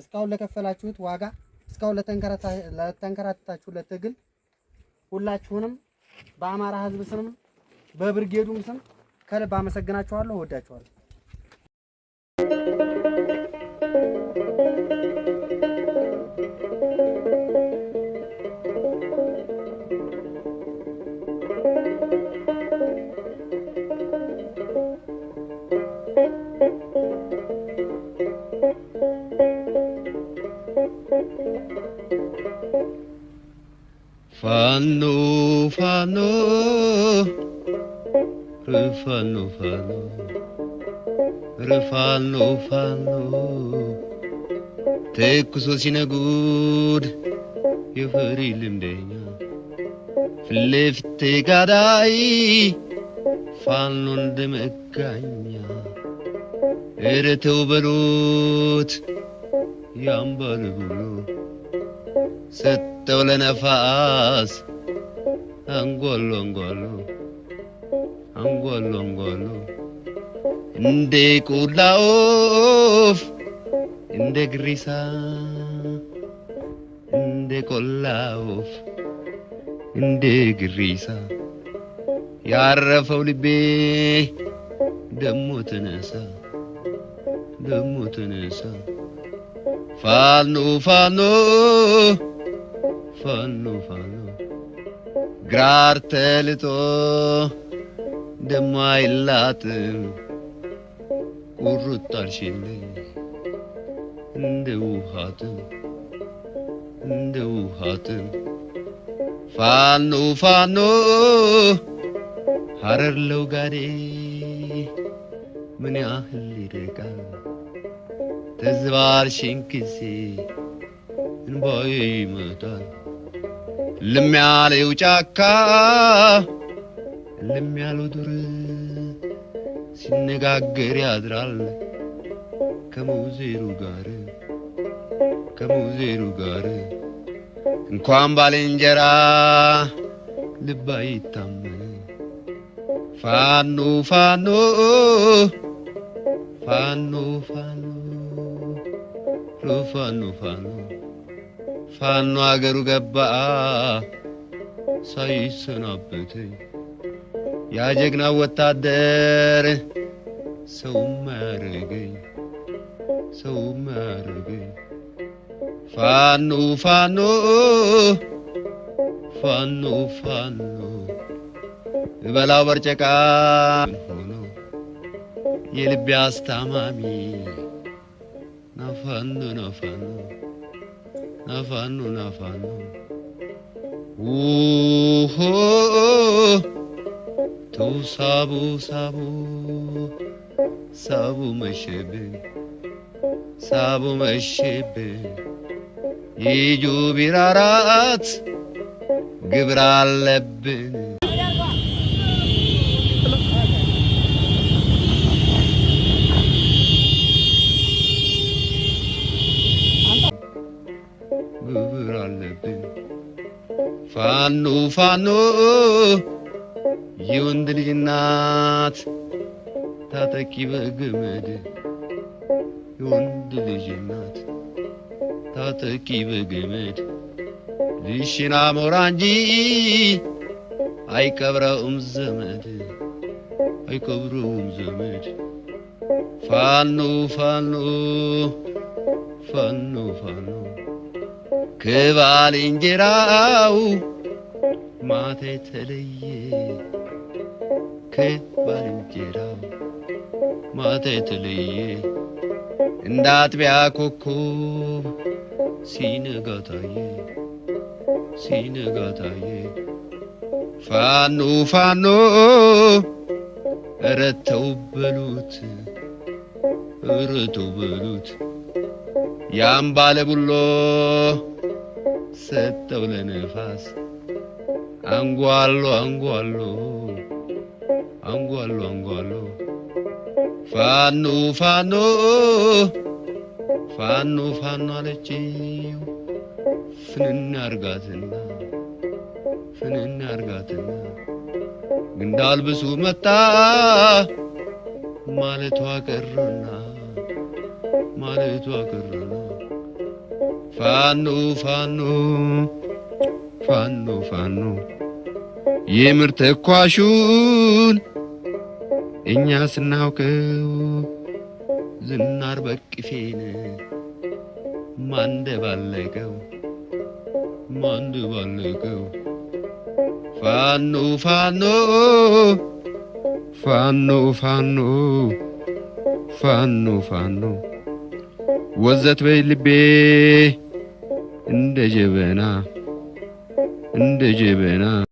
እስካሁን ለከፈላችሁት ዋጋ እስካሁን ለተንከራተታችሁለት ትግል ሁላችሁንም በአማራ ህዝብ ስም በብርጌዱም ስም ከልብ አመሰግናችኋለሁ። እወዳችኋለሁ። ፋኖ ፋኖ ፋኖ ፋኖ ፋኖ ፋኖ ተኩሶ ሲነጉድ የፈሪ ልምደኛ ፊትለፊት ተጋዳይ ፋኖ እንደ መጋኛ እረ ተው በሉት የአምባር ሰጠው ለነፋስ አንጓሎ አንጓሎ አንጓሎ አንጓሎ እንደ ቆላ ወፍ እንደ ግሪሳ እንደ ቆላ እንደ ግሪሳ ያረፈው ልቤ ደሞ ተነሳ ደሞ ተነሳ Fanu, fanu, fanu, fanu, to de mai lată, curut și de uhată, de uhată. Fanu, fanu, harar lugare, mâine ahlire regal. kız var ሽንክሲ እንባይ ይመጣል ልም ያለው ጫካ ልም ያለው ዱር ሲነጋገር ያድራል ከሙዜሩ ጋር ከሙዜሩ ጋር እንኳን ባልንጀራ ልብ አይታመን ፋኖ ፋኖ ፋኖ ፋኖ ፋኖ ፋኖ ፋኖ አገሩ ገባ ሳይሰናበት ያ ወታደር ሰው ማረገኝ ሰው ማረገኝ ፋኖ ፋኖ ፋኖ ፋኖ በላው በርጨቃ ሆኖ የልቤ አስታማሚ nafanno nafanno nafanno nafanno Uho tu sabu sabu sabu meşebe sabu meşebe ይጁ ቢራራት ግብር አለብን ፋኖ ፋኖ የወንድ ልጅ እናት ታጠቂ በገመድ የወንድ ልጅ እናት ታጠቂ በገመድ ልሽና ሞራ እንጂ አይቀብረውም ዘመድ አይቀብረውም ዘመድ ፋኖ ፋኖ ፋኖ ፋኖ ከባልንጀራው ማታ የተለየ ከባልንጀራው ማታ የተለየ እንደ አጥቢያ ኮከብ ሲነጋ ሲነጋታየ ፋኖ ፋኖ ኧረ ተው በሉት ኧረ ተው በሉት ያም ባለቡሎ ሰጠው ለነፋስ አንጓሎ አንጓሎ አንጓሎ አንጓሎ ፋኖ ፋኖ ፋኖ ፋኖ አለችው ፍንን አርጋትና ፍንና አርጋትና ግንዳልብሱ መጣ ማለቷ ቀረና ማለቷ ቀረና ፋኖ ፋኖ ፋኖ ፋኖ የምር ተኳሹን እኛ ስናውቀው ዝናር በቅፌን ማንደባለቀው ማንደባለቀው ፋኖ ፋኖ ፋኖ ፋኖ ፋኖ ፋኖ ወዘት በይ ልቤ እንደ ጀበና እንደ ጀበና